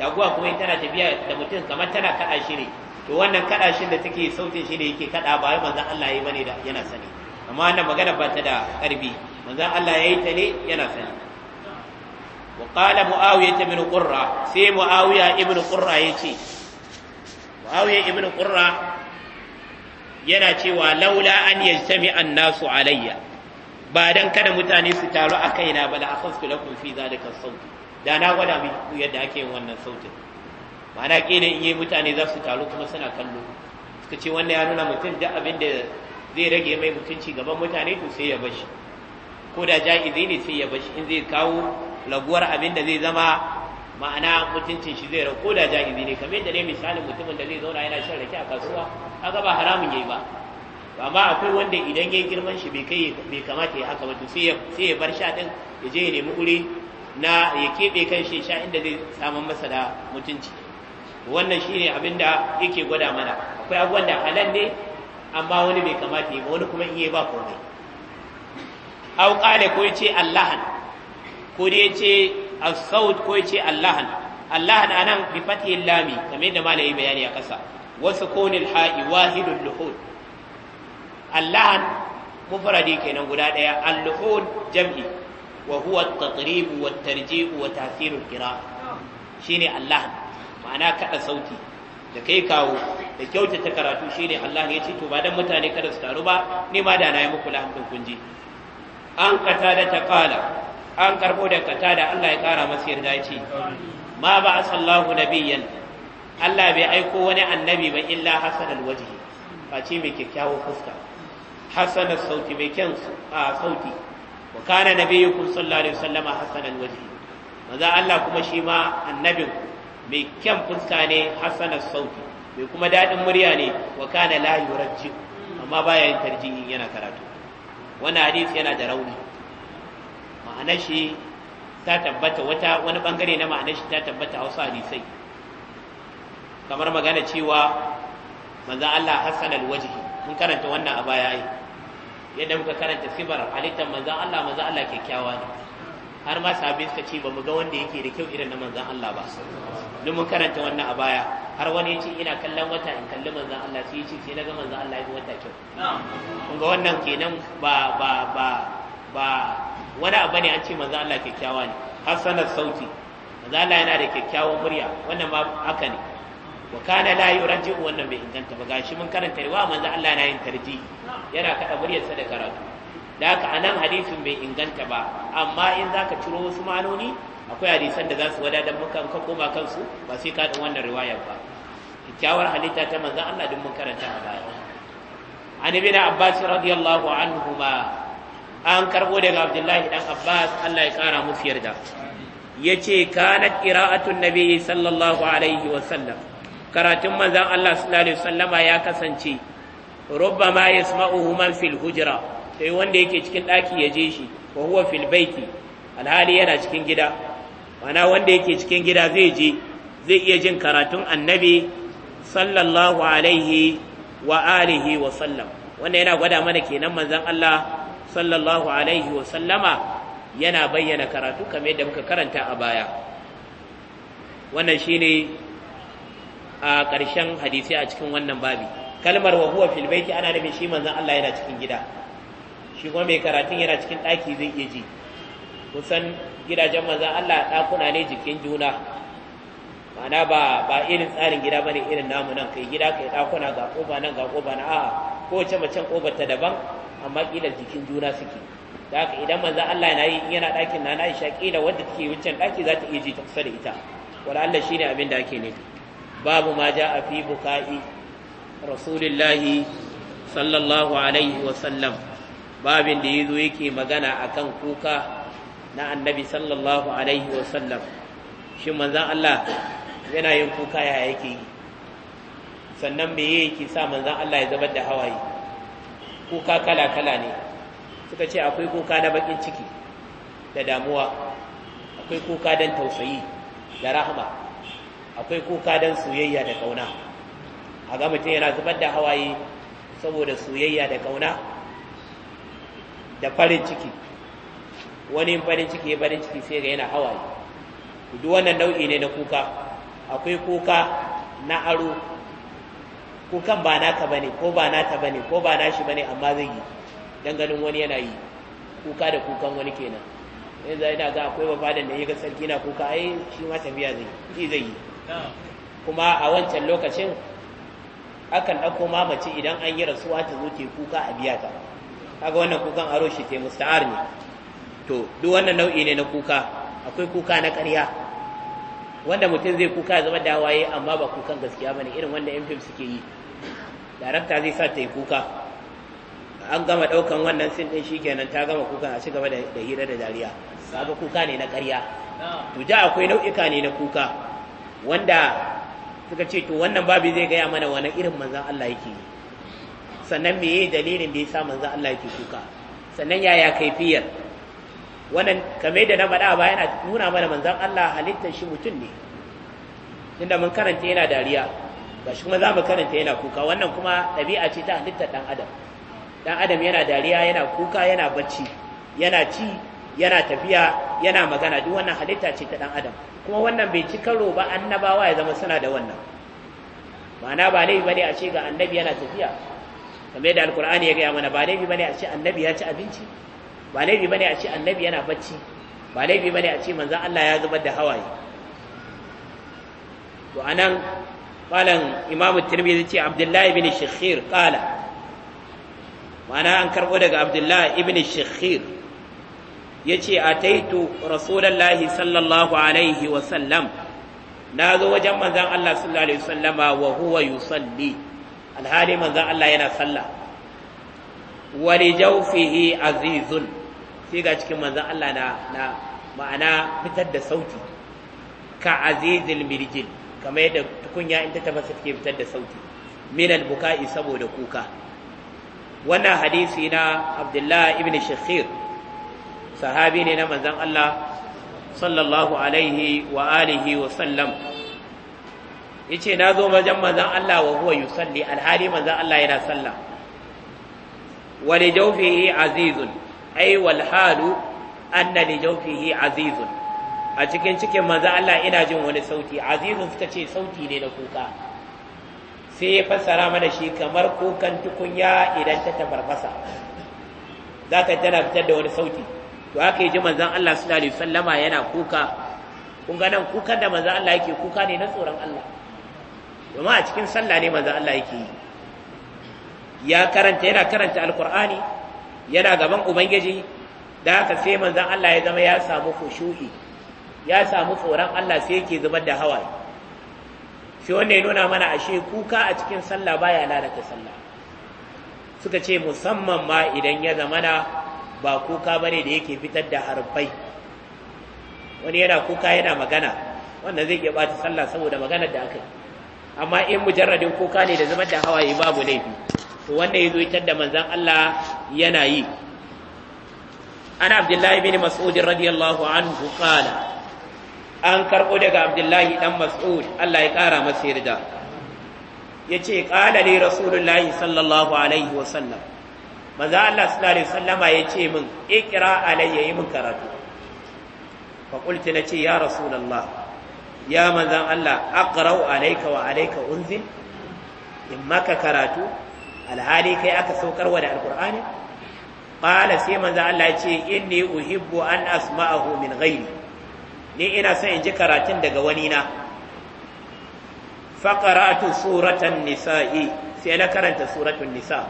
Speaker 1: taguwa kuma yi tana tafiya da mutum kamar tana kaɗa shi ne to wannan kaɗa shi da take sautin shi ne yake kaɗa ba manzan Allah ya yi bane da yana sani amma wannan magana ba ta da ƙarfi manzan Allah ya yi ta ne yana sani wa qala muawiya ibn qurra sai muawiya ibn qurra yace muawiya ibn qurra yana cewa laula an yajtami nasu alayya ba dan kada mutane su taru a kaina ba la akhaftu lakum fi zalika sauti da na gwada muku yadda ake yin wannan sautin ma'ana kila in yi mutane za su taru kuma suna kallo suka ce wannan ya nuna mutum duk abin da zai rage mai mutunci gaban mutane to sai ya bashi ko da ja'izi ne sai ya bashi in zai kawo raguwar abin da zai zama ma'ana mutuncin shi zai rau ko da jahizi ne kamar yadda ne misali mutumin da zai zauna yana shan rake a kasuwa kaga ba haramun yayi ba amma akwai wanda idan yayi girman shi bai kai bai kamata ya haka ba to sai ya bar sha din ya je ya nemi wuri na ya kebe kan shi sha inda zai samu masa da mutunci wannan shine abin da yake gwada mana akwai abubuwan da halal ne amma wani bai kamata ya ba wani kuma iya yi ba komai au qala ko yace allahan ko dai yace as-saud ko yace allahan allahan anan bi fathi lami kamar da malai bayani a kasa wa sukunil ha'i wahidul luhul allahan mufradi kenan guda daya al-luhul jam'i wa huwa at-tatrib wa at-tarjih wa ta'thir al-qira'a shine allahan ma'ana kada sauti da kai kawo da kyautata karatu shine Allah ya ce to ba dan mutane kada su taru ba ne ma da na yi muku lahan kun an kata da ta kala an karbo da katada Allah ya kara masa yarda ce ma ba a asallahu nabiyyan Allah bai aiko wani annabi ba illa hasanal wajhi face mai kyakkyawan fuska hasanal sauti mai kyan a sauti wa kana nabiyyukum sallallahu alaihi wasallama hasanal wajhi maza Allah kuma shi ma annabin mai kyan fuska ne hasanal sauti mai kuma dadin murya ne wa kana la yurajji amma baya yin tarjihi yana karatu wannan hadisi yana da rauni ma'anar shi ta tabbata wata wani bangare na ma'anar shi ta tabbata a wasu hadisai kamar magana cewa "Manzan Allah hassan alwajhi mun karanta wannan a baya yi yadda muka karanta sibar halittar manzan Allah manzan Allah kyakkyawa ne har ma sahabbai suka ce ba mu ga wanda yake da kyau irin na manzan Allah ba Ni mun karanta wannan a baya har wani ya ce ina kallon wata in kalli manzan Allah sai ya ce sai na ga manzan Allah ya wata kyau kun ga wannan kenan ba ba ba ba wani abu ne an ce manzo Allah kyakkyawa ne hasanar sauti manzo Allah yana da kyakkyawan murya wannan ma haka ne wa kana la yurji'u wannan bai inganta ba gashi mun karanta riwa manzo Allah yana yin tarji yana kada muryarsa da karatu da haka anan hadisin bai inganta ba amma in zaka ciro wasu maloni akwai hadisan da za su dan muka ka koma kansu ba sai ka wannan riwayar ba kyakkyawar halitta ta manzo Allah din mun karanta a baya an na abbas radiyallahu ma an karbo daga abdullahi dan abbas allah ya kara musu yarda ya ce kanat qira'atun nabi sallallahu alaihi sallam. karatun manzan allah sallallahu alaihi wasallama ya kasance rubbama yasma'uhu man fil hujra sai wanda yake cikin ɗaki ya je shi wa huwa fil baiti alhali yana cikin gida mana wanda yake cikin gida zai je zai iya jin karatun annabi sallallahu alaihi wa alihi wa sallam wannan yana gwada mana kenan manzan allah sallallahu alaihi wa sallama yana bayyana karatu kamar yadda muka karanta a baya wannan shine a ƙarshen hadisi a cikin wannan babi kalmar wa huwa fil baiti ana nufin shi manzon Allah yana cikin gida shi kuma mai karatun yana cikin ɗaki zai iya ji kusan gidajen manzon Allah ɗakuna ne jikin juna ma'ana ba ba irin tsarin gida bane irin namu nan kai gida kai ɗakuna ga ƙofa nan ga ƙofa na a'a kowace macen ƙofar ta daban amma ƙila jikin juna suke da haka idan manzo Allah yana yi yana ɗakin na na Aisha kila wanda take wucin ɗaki za ta iya ji ta kusa da ita wala Allah shine abin da ake nufi babu ma ja a fi buka'i rasulillahi sallallahu alaihi wa sallam babin da yazo yake magana akan kuka na annabi sallallahu alaihi wa sallam shi manzon Allah yana yin kuka ya yake yi sannan me yake sa manzan Allah ya zabar da hawaye kuka kala-kala ne suka ce akwai kuka na bakin ciki da damuwa akwai kuka don tausayi da rahama akwai kuka don soyayya da kauna a ga mutum yana zubar da hawaye saboda soyayya da kauna da farin ciki wani farin ciki ya farin ciki sai ga yana hawaye duk wannan nau'i ne na kuka akwai kuka na aro kukan ba naka bane ko ba nata bane ko ba nashi bane amma zai yi dan ganin wani yana yi kuka da kukan wani kenan yanzu zai ga akwai fadan da ya sarki na kuka ai shi ma tafiya zai yi zai yi kuma a wancan lokacin akan dauko mamaci idan an yi rasuwa ta zo ke kuka a biya ta kaga wannan kukan aro shi ke musta'ar ne to duk wannan nau'i ne na kuka akwai kuka na ƙarya wanda mutum zai kuka zama da waye amma ba kukan gaskiya bane irin wanda yan fim suke yi darakta zai sa ta yi kuka an gama daukan wannan sin din shikenan ta gama kuka a cigaba da hira da dariya kaga kuka ne na ƙarya to da akwai nau'ika ne na kuka wanda suka ce to wannan babu zai gaya mana wani irin manzon Allah yake yi sannan meye dalilin da ya sa manzon Allah yake kuka sannan yaya kaifiyar wannan kamar yadda na faɗa ba yana nuna mana manzan Allah halittar shi mutum ne inda mun karanta yana dariya ba shi kuma za mu karanta yana kuka wannan kuma ɗabi'a ce ta halittar ɗan adam ɗan adam yana dariya yana kuka yana bacci yana ci yana tafiya yana magana duk wannan halitta ce ta ɗan adam kuma wannan bai ci karo ba annabawa ya zama suna da wannan ma'ana ba laifi bane a ce ga annabi yana tafiya kamar yadda alkur'ani ya gaya mana ba laifi bane a ce annabi ya ci abinci ba laifi bane a ce annabi yana bacci ba laifi bane a ce manzon Allah ya zubar da hawaye to anan qalan imamu tirmidhi ce abdullahi ibn shakhir qala mana an karbo daga abdullahi ibn shakhir ya ce a taito rasulullahi sallallahu alaihi wa sallam na zo wajen manzon Allah sallallahu alaihi wasallama wa huwa yusalli alhali manzon Allah yana sallah wa li jawfihi azizun sai ga cikin manzan Allah na ma'ana fitar da sauti ka azizil mirjil kamar yadda tukunya in ta tafasa take fitar da sauti minal buka'i saboda kuka wannan hadisi na Abdullahi ibn Shakhir sahabi ne na manzan Allah sallallahu alaihi wa alihi wa sallam yace na zo wajen manzan Allah wa huwa yusalli alhali manzan Allah yana sallah "Wani li jawfihi azizun ai wal halu anna li jawfihi azizun a cikin cikin manzo Allah ina jin wani sauti azizun suka ce sauti ne na kuka sai ya fassara mana shi kamar kukan tukunya idan ta tabarbasa za ta tana fitar da wani sauti to haka yi ji manzon Allah sallallahu alaihi wasallama yana kuka kun ga nan kukan da manzon Allah yake kuka ne na tsoron Allah domin a cikin sallah ne manzon Allah yake yi ya karanta yana karanta alqur'ani yana gaban ubangiji da haka sai manzon Allah ya zama ya samu kushu'i ya samu tsoron Allah sai yake zubar da hawaye shi wanda ya nuna mana ashe kuka a cikin sallah baya lalata sallah suka ce musamman ma idan ya zamana ba kuka ba ne da yake fitar da harfai wani yana kuka yana magana wanda zai iya sallah saboda maganar da aka yi amma in mujarradin kuka ne da zubar da hawaye babu laifi to wanda ya zo ya tadda manzan Allah yana yi an abdullahi bin mas'ud radiyallahu anhu qala an karbo daga abdullahi dan mas'ud Allah ya kara masa yarda yace qala li rasulullahi sallallahu alaihi wa sallam manzo Allah sallallahu alaihi wa sallama yace min ikra alayya yi min karatu fa qultu nace ya rasulullah ya manzan Allah aqra'u alayka wa alayka unzil in maka karatu alhali kai aka saukar wa da alkur'ani qala sai manzo Allah ya ce inni uhibbu an asma'ahu min ghairi ni ina son in ji karatun daga wani na faqara'tu suratan nisa'i sai na karanta suratul nisa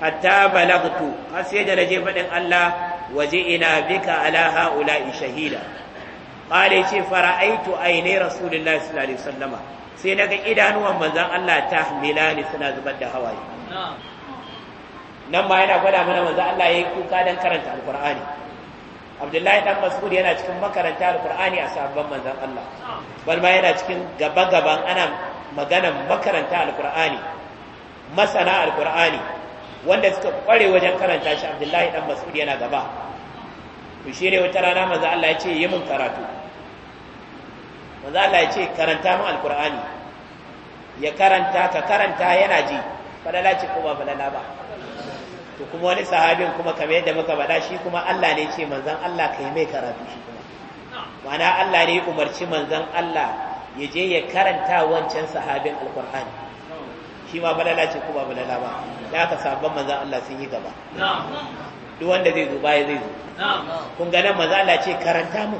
Speaker 1: hatta balagtu har sai da naje fadin Allah waje ina bika ala haula'i shahida qala ce fara'aitu ayni rasulullahi sallallahu alaihi wasallama sai naga idanuwan manzon Allah ta tahmilani suna zubar da hawaye nan ba yana gwada mana manzo Allah ya yi kuka dan karanta alkur'ani Abdullahi dan Mas'ud yana cikin makaranta alkur'ani a sahabban manzon Allah bal ma yana cikin gaba gaban ana magana makaranta alkur'ani masana alkur'ani wanda suka kware wajen karanta shi Abdullahi dan Mas'ud yana gaba to ne wata rana manzo Allah ya ce yi min karatu manzo Allah ya ce karanta mu alkur'ani ya karanta ka karanta yana ji falala ce ko ba falala ba to kuma wani sahabin kuma kamar yadda muka faɗa shi kuma Allah ne ce manzon Allah kai mai karatu shi kuma ma'ana Allah ne umarci manzon Allah ya je ya karanta wancan sahabin alqur'ani shi ma balala ce ko ba falala ba da aka sabon manzon Allah sun yi gaba duk wanda zai zo baya zai zo kun ga nan manzon Allah ce karanta mu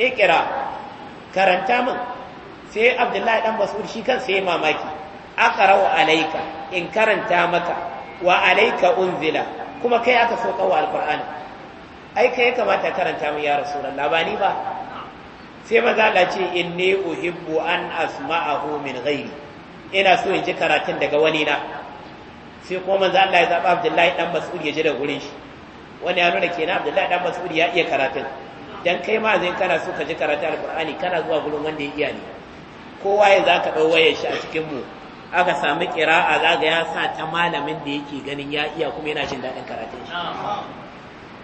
Speaker 1: ikira karanta mu sai Abdullahi dan Basur shi kan sai mamaki aqra'u alayka in karanta maka wa alayka unzila kuma kai aka so kawo alqur'ani ai kai kamata karanta mu ya rasulullah ba ni ba sai maza Allah ce inni uhibbu an asma'ahu min ghairi ina so in ji karatun daga wani na sai kuma manzo Allah ya zaba Abdullahi dan Mas'ud ya ji da gurin shi wani ya nuna kenan Abdullahi dan Mas'ud ya iya karatun dan kai ma zai kana so ka ji karatun alqur'ani kana zuwa gurin wanda ya iya ne kowa ya zaka dau wayar shi a cikin mu aka sami kira'a za ga ya sa ta malamin da yake ganin ya iya kuma yana jin daɗin karatun shi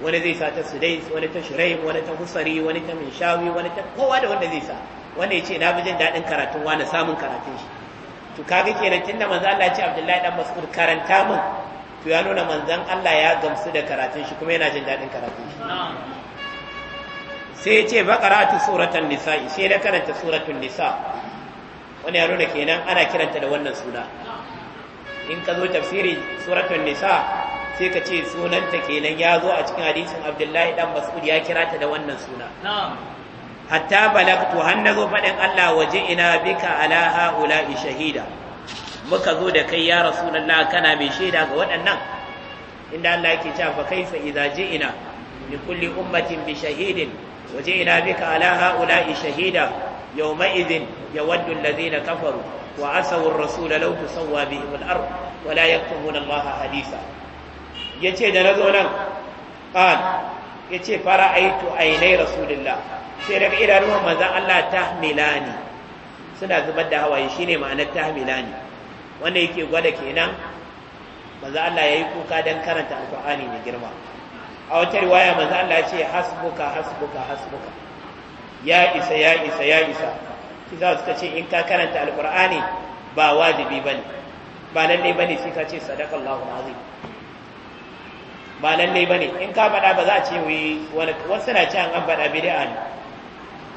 Speaker 1: wani zai sa ta sudai, wani ta shuraim wani ta husari wani ta minshawi wani ta kowa da wanda zai sa wanda ya ce na fi jin daɗin karatun wani samun karatun shi to kaga kenan da manzan Allah ya ce Abdullahi ɗan Mas'ud karanta min to ya nuna manzan Allah ya gamsu da karatun shi kuma yana jin daɗin karatun shi sai ya ce baqara'atu suratun nisa'i sai da karanta suratun nisa' wani ya nuna kenan ana kiranta da wannan suna in ka zo tafsirin suratun nisa sai ka ce sunanta kenan ya zo a cikin hadisin abdullahi dan mas'ud ya kira ta da wannan suna hatta balagtu har na zo faɗin allah waje ina bika ala ha'ula'i shahida muka zo da kai ya rasulullah kana mai shaida ga waɗannan inda allah yake cewa fa kaifa idza ji'ina li kulli ummatin bi shahidin waje ina bika ala ha'ula'i shahida يومئذ يود الذين كفروا وعسوا الرسول لو تسوى بهم الأرض ولا يكتمون الله حديثا يتي دنزونا قال يتي فرأيت عيني رسول الله سيرك إلى نوع Allah الله تحملاني suna zubar da hawaye shine ma'anar tahmilani wanda yake gwada kenan manzo Allah yayi kuka dan karanta alqur'ani mai girma a wata riwaya manzo Allah ya ce hasbuka hasbuka hasbuka ya isa ya isa ya isa shi za su ce in ka karanta alqur'ani ba wajibi bane ba lalle bane sai ka ce allahu azim ba lalle bane in ka bada ba za a ce wai wasu na ce an bada bid'a ne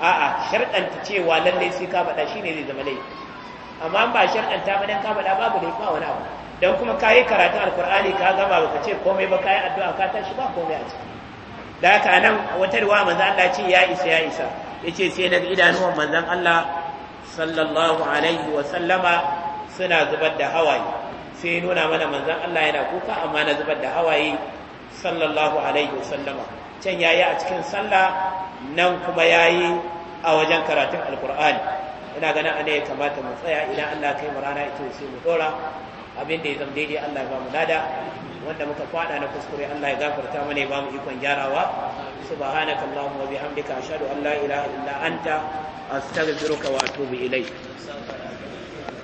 Speaker 1: a'a sharɗanta cewa lalle sai ka bada shine zai zama laifi amma ba sharɗanta ba dan ka bada babu laifi ba wani abu dan kuma yi karatun alqur'ani ka gama ba ka ce komai ba yi addu'a ka tashi ba komai a ciki da haka nan wata ruwa manzo Allah ce ya isa ya isa ce sai na idanuwan manzon Allah sallallahu alaihi wa sallama suna zubar da hawaye sai nuna mana manzon Allah yana kuka amma na zubar da hawaye sallallahu alaihi wa sallama can yayi a cikin sallah nan kuma yayi a wajen karatun alkur'ani ina ganin ana ya kamata mu tsaya idan Allah kai mu rana ita sai mu dora abin da ya zama daidai Allah ya ba mu lada wanda muka fada na kuskure Allah ya gafarta mana ya bamu ikon gyarawa subhanaka allahumma wa bihamdika ashhadu an la ilaha illa anta astaghfiruka wa atubu ilaik